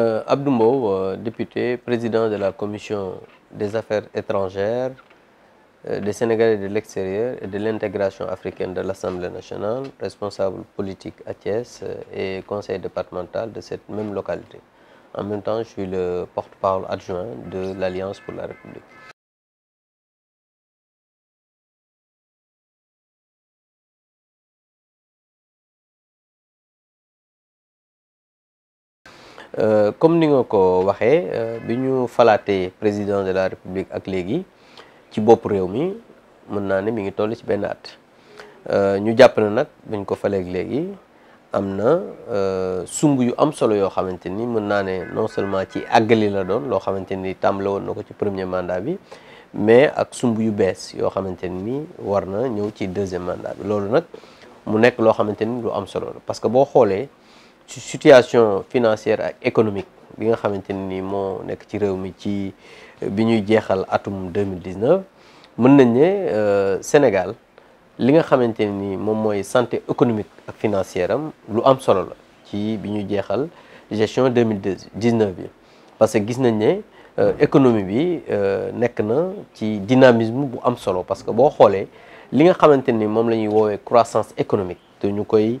Euh, Abdou euh, député, président de la commission des affaires étrangères, euh, des Sénégalais de l'extérieur et de l'intégration africaine de l'Assemblée nationale, responsable politique à Thiès et conseil départemental de cette même localité. En même temps, je suis le porte-parole adjoint de l'Alliance pour la République. Euh, comme ni nga ko waxee euh, bi ñu falaatee président de la république ak léegi ci bopp réew mi mën naa ne mi ngi toll ci benn at euh, ñu jàpp na nag bañ ko faleeg léegi am na sumb yu am solo yoo xamante ni mën naa ne non seulement ci àggali la doon loo xamante ni tàmbale woon na ko ci premier mandat bi mais ak sumb yu bees yoo xamante ni war na ñëw ci deuxième mandat bi loolu nag mu nekk loo xamante ni lu am solo la parce que boo xoolee situation financière et économique bi nga xamanteni ni mo nek ci réew mi ci euh, biñu jéxal atum 2019 mën nañ ne euh, Sénégal li nga xamanteni ni mom moy santé économique ak financière am lu am solo la ci biñu jéxal gestion 2019 bi parce que gis nañ euh, économie bi nek na ci dynamisme bu am solo parce que bo xolé li nga xamanteni ni moom la croissance économique de ñukoy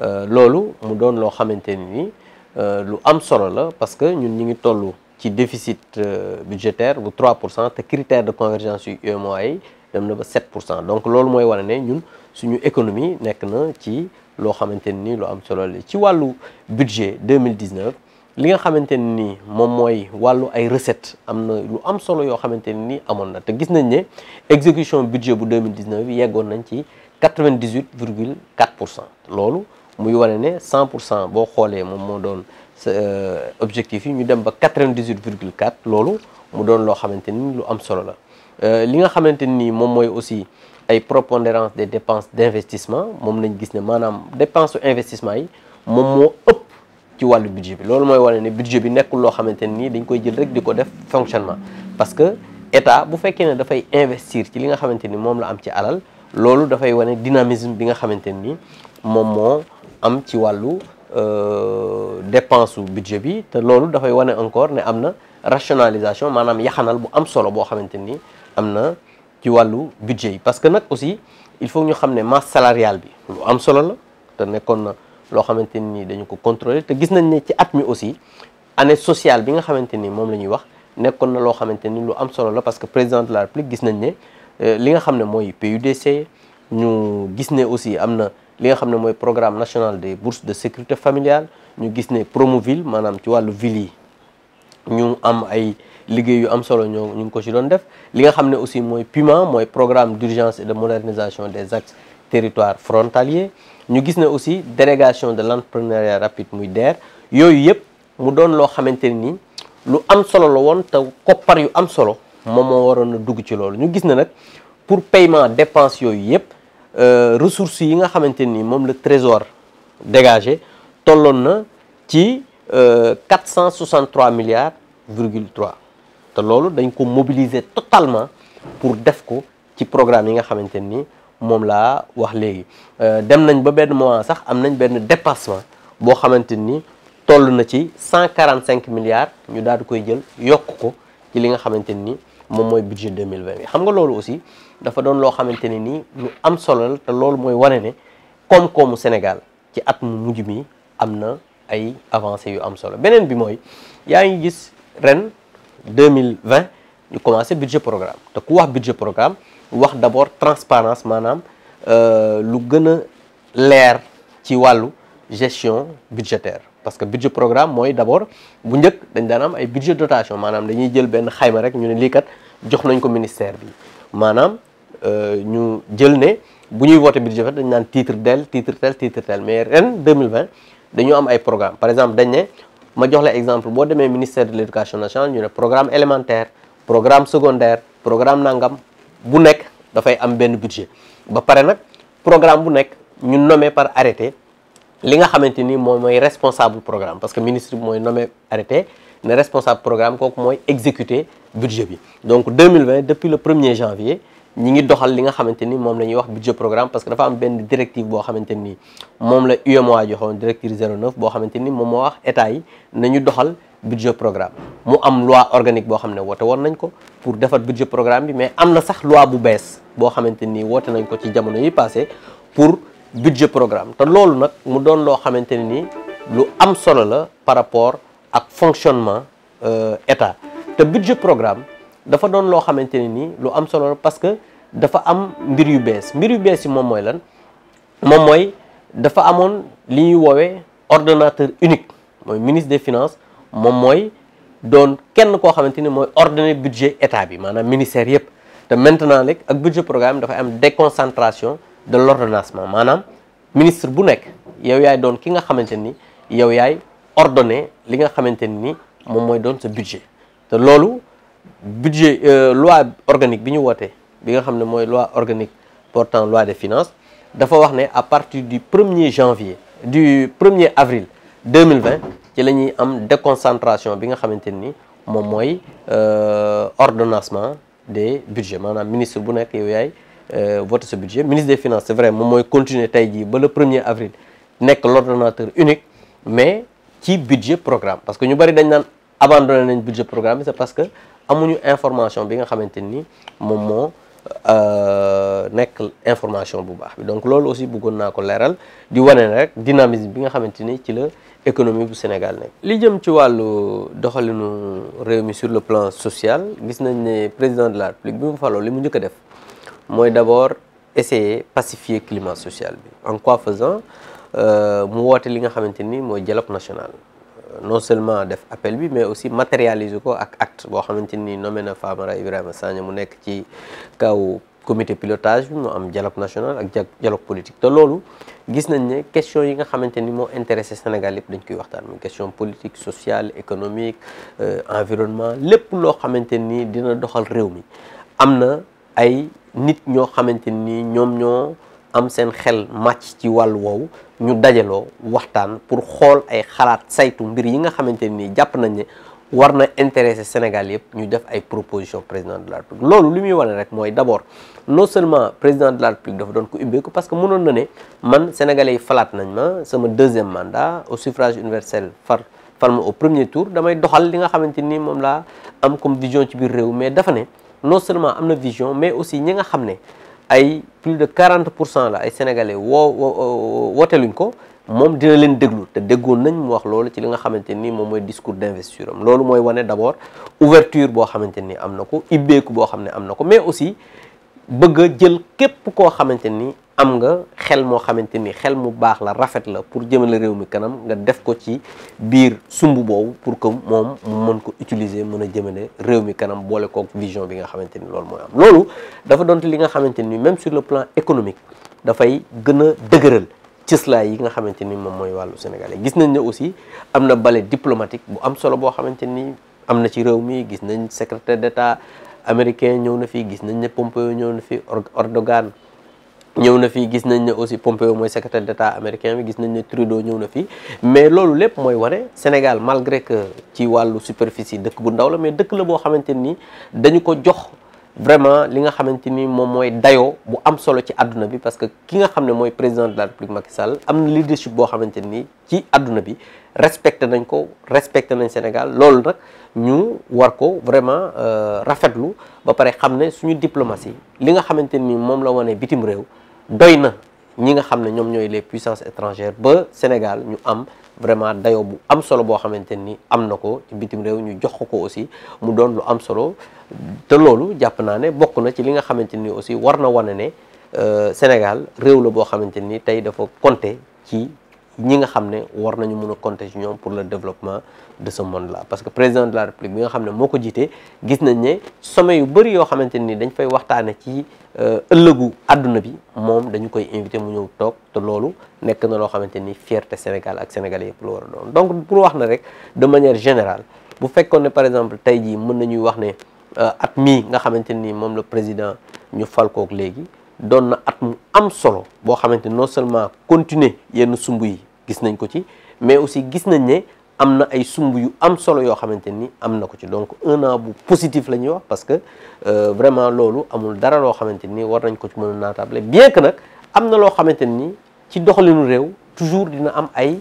Euh, lolu mu doon lo xamanteni ni euh, lu am solo la parce que ñun ñi ngi tollu ci déficit euh, budgétaire bu 3 pour cent te critère de convergence yu UEMOA yi dem na ba 7 pour cent donc lolu moy wane ne ñun suñu économie nek na ci lo xamanteni ni lu am solo la ci walu budget 2019 li nga xamanteni ni mom moy walu ay recettes am na lu am solo yo xamanteni ni amon na te gis nañ ne exécution budget bu 2019 yeggoon nañ ci 98,4% virgule pour cent muy wane 100 bo xolé mom mo don objectif yi ñu dem ba 98,4 lolu mu don lo xamanteni lu am solo la euh, li nga xamanteni mom moy aussi ay prépondérance des dépenses d'investissement mom moom nañ gis ne manam dépenses d'investissement investissement yi mom mo upp ci walu budget bi lolu moy wane budget bi nek lo xamanteni dañ koy jël rek diko def fonctionnement parce que état bu fekkee ne fay investir ci li nga xamanteni mom la am ci alal da fay wane dynamisme bi nga xamanteni mom mo am ci wàllu euh, dépenses su budget bi te da fay wone encore ne amna rationalisation manam yaxanal bu am solo bo xamanteni Amna ci walu budget parce que nak aussi il faut ñu xamné masse salariale bi lu am solo la te nekkoon na loo xamante dañu ko contrôler te gis nañ ne ci at mi aussi année sociale bi nga xamanteni mom lañuy wax nekkoon na lo xamanteni lu am solo la parce que président de la république gis nañ ne euh, li nga xamné moy PUDC ñu gis né aussi amna li nga xam ne programme national des bourses de sécurité familiale ñu gis ne Promoville Madame ci vois ville yi ñu am ay liggéey yu am solo ñoo ñu ngi ko ci doon def li nga xamné aussi moy piment, moy programme d'urgence et de modernisation des axes territoires frontaliers ñu gis né aussi délégation de l'entrepreneuriat rapide muy DER yooyu yëpp mu doon lo xamante ni lu am solo la woon te par yu am solo moom moo waroon dugg ci lool ñu gis né nak pour paiement dépense yooyu yep. Euh, ressources yi nga xamanteni mom le trésor dégagé tolloon na ci 463 euh, milliards virgule 3 te lolu dañ ko mobiliser totalement pour def ko ci programme yi nga xamanteni mom la laa wax léegi euh, dem nañ ba ben moment sax am nañ ben dépassement bo xamanteni ni toll na ci 145 milliards ñu daal di koy jël yokk ko ci li nga xamanteni mon budget 2020 bi xam nga aussi dafa doon loo xamante am solo la te loolu mooy wane ne koom Sénégal ci at mu mujj mi am ay avancées yu am solo Benen bi moy yaa ngi gis ren 2020 ñu commencé budget programme te ku wax budget programme wax d'abord transparence euh lu gën a ci walu gestion budgétaire parce que budget programme mooy d' abord bu njëkk dañ daan am ay budget dotation maanaam dañuy jël benn xayma rek ñu ne lii kat jox nañ ko ministère bi maanaam euh, ñu jël ne bu ñuy voté budget dañ naan titre del titre tel titre tel mais ren 2020 dañoo am ay programme par exemple dañ ne ma jox la exemple boo demee ministère de l' éducation nationale ñu ne programme élémentaire programme secondaire programme nangam bu nekk dafay am benn budget ba pare nag programme bu nekk ñu nommé par arrêté li nga xamante ni moom mooy responsable programme parce que ministre bi mooy nommé arrêté ne responsable programme kooku mooy exécuter budget bi donc 2020 depuis le 1er janvier ñi ngi doxal li nga xamante ni moom la ñuy wax budget programme parce que dafa am benn directive boo xamante ni moom la UEMOA joxoon directive 09 boo xamante ni moom moo wax état yi nañu doxal budget programme mu am loi organique boo xam ne woote woon nañ ko pour defar budget programme bi mais am na sax loi bu bees boo xamante ni woote nañ ko ci jamono yi passé pour budget programme te loolu nag mu doon loo xamante ne ni lu am solo la par rapport ak fonctionnement euh, état te budget programme dafa doon loo xamante ne ni lu am solo la parce que dafa am mbir yu bees mbir yu bees yi moom mooy lan moom mooy dafa amoon li ñuy woowee ordinateur unique mooy ministre des finances moom mooy doon kenn koo xamante ni mooy ordonné budget état bi maanaam ministère yëpp te maintenant rek ak budget programme dafay am déconcentration de l'ordonnancement maanaam ministre bu nekk yow yaay doon ki nga xamante ni yow yaay ordonné li nga xamante ni moom mooy doon ce budget te loolu budget euh, loi organique bi ñu wootee bi nga loi organique portant loi des finances dafa wax ne à partir du 1er janvier du 1er avril 2020 ci la ñuy am déconcentration bi nga xamante Mon moom euh, ordonnancement des budgets maanaam ministre bu nekk yow yaay euh, Votre ce budget ministre des finances c'est vrai il continue continuer dire que le 1er avril pas l'ordonnateur unique mais qui budget programme parce que nous, avons abandonné le budget programme c'est parce que nous information une nga euh, information donc c'est aussi dynamisme bi nous a ci Sénégal nous sur le plan social gis président de la République nous avons fait moi d'abord essayer pacifier climat social en quoi faisant mu woote li nga xamante dialogue national euh, non seulement def appel mais aussi matérialiser ko ak acte boo xamante ni nommé na Famara Ibrahima Sagna mu nekk ci kaw comité pilotage qui mu am dialogue national ak dialogue politique te nous gis nañ que les questions qui xamante ni intéressé Sénégal les dañ koy sociales, économiques, question politique sociale économique euh, environnement lépp loo xamante ni dina doxal réew mi ay nit ñoo xamante ni ñoom ñoo am seen xel màcc ci wàll woowu ñu dajaloo waxtaan pour xool ay xalaat saytu mbir yi nga xamante ni jàpp nañ ne war na intéresser Sénégal yëpp ñu def ay proposition président de la République loolu li muy wane rek mooy d'abord non seulement président de la République dafa doon ko ubbeeku parce que mënoon na ne man sénégalais falaat nañ ma sama deuxième mandat au suffrage universel far far ma au premier tour damay doxal li nga xamante ni moom laa am comme vision ci biir réew mais dafa ne non seulement am na vision mais aussi ñi nga xam ne ay plus de 40 pour cent la ay sénégalais woo wooteluñ ko moom dina leen déglu te déggoon nañ mu wax loolu ci li nga xamante ni moom mooy discours d'investiture am loolu mooy wane d'abord ouverture boo xamante ni am na ko ibbeeku boo xam ne am na ko mais aussi bëgg a jël képp koo xamante ni am nga xel moo xamante ni xel mu baax la rafet la pour jëmale réew mi kanam nga def ko ci biir sumbu boobu pour ko moom mu mën ko utiliser mën a jëmale réew mi kanam boole kook vision bi nga xamante ni loolu mooy am loolu dafa dont li nga xamante ni même sur le plan économique dafay gën a dëgëral cëslaay yi nga xamante ni moom mooy wàllu sénégalais gis nañ ne aussi am na bale diplomatique bu am solo boo xamante ni am na ci réew mi gis nañ secrétaire d'état américain ñëw na fi gis nañ ne Pompeo ñëw na fi or Erdogan Ah. ñëw na fi gis nañ ne aussi Pompeo moy secrétaire d'état américain bi gis nañ ne Trudeau ñëw na fi mais lolu lepp moy waré Sénégal malgré que ci walu superficie dëkk bu ndaw la mais dëkk la bo xamanteni dañu ko jox vraiment ce que est un moom parce que ki nga président de la république Macky am leadership qui xamante ci bi Sénégal Nous nag ñu war vraiment euh, rafetlu ba pare suñu diplomatie li nga xamanteni mom la woné bitim rew doyna ñi nga les puissances étrangères ba Sénégal ñu am vraiment un bu am solo bo xamanteni am ci bitim ñu jox ko aussi mu don lu am solo. te loolu jàpp naa ne bokk na ci li nga xamante ni aussi war na wane ne euh, Sénégal réew la boo xamante nii tey dafa compter ci ñi nga xam ne war nañu mën a compter ñoom pour le développement de ce monde là parce que président de la république bi nga xam ne moo ko jiite gis nañ ne sommet yu bëri yoo xamante nii dañ fay waxtaane ci euh, ëllëgu àdduna bi moom dañu koy invité mu ñëw toog te loolu nekk na loo xamante ni fierté Sénégal ak sénégal yëpp la donc pour wax na rek de manière générale bu fekkoon ne par exemple tey jii mën nañuy wax ne Euh, at mii nga xamanteni mom le la président ñu fal ko ak léegi doon na at mu am solo bo xamanteni non seulement continuer yenn sumbu yi gis nañ ko ci mais aussi gis nañ ne amna ay sumbu yu am solo yo xamanteni amna ko ci donc un an bu positif la ñuy wax parce que euh, vraiment lolu amul dara lo xamanteni war nañ ko ci mëna a bien que nak amna lo xamanteni ci doxalinu réew toujours dina am ay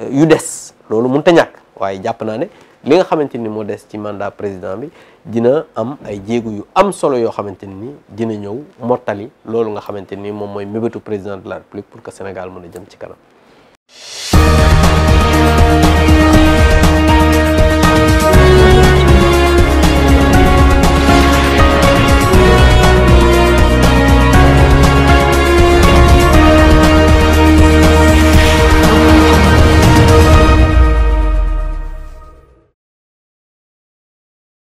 euh, yu dess lolu mënut ta ñak waye japp naa ne li nga xamanteni mo dess ci mandat président bi dina am ay jéego yu am solo yoo xamante ni dina ñëw mottali loolu nga xamante ni moom mooy mébétu président de la république pour que Sénégal mën a jëm ci kanam.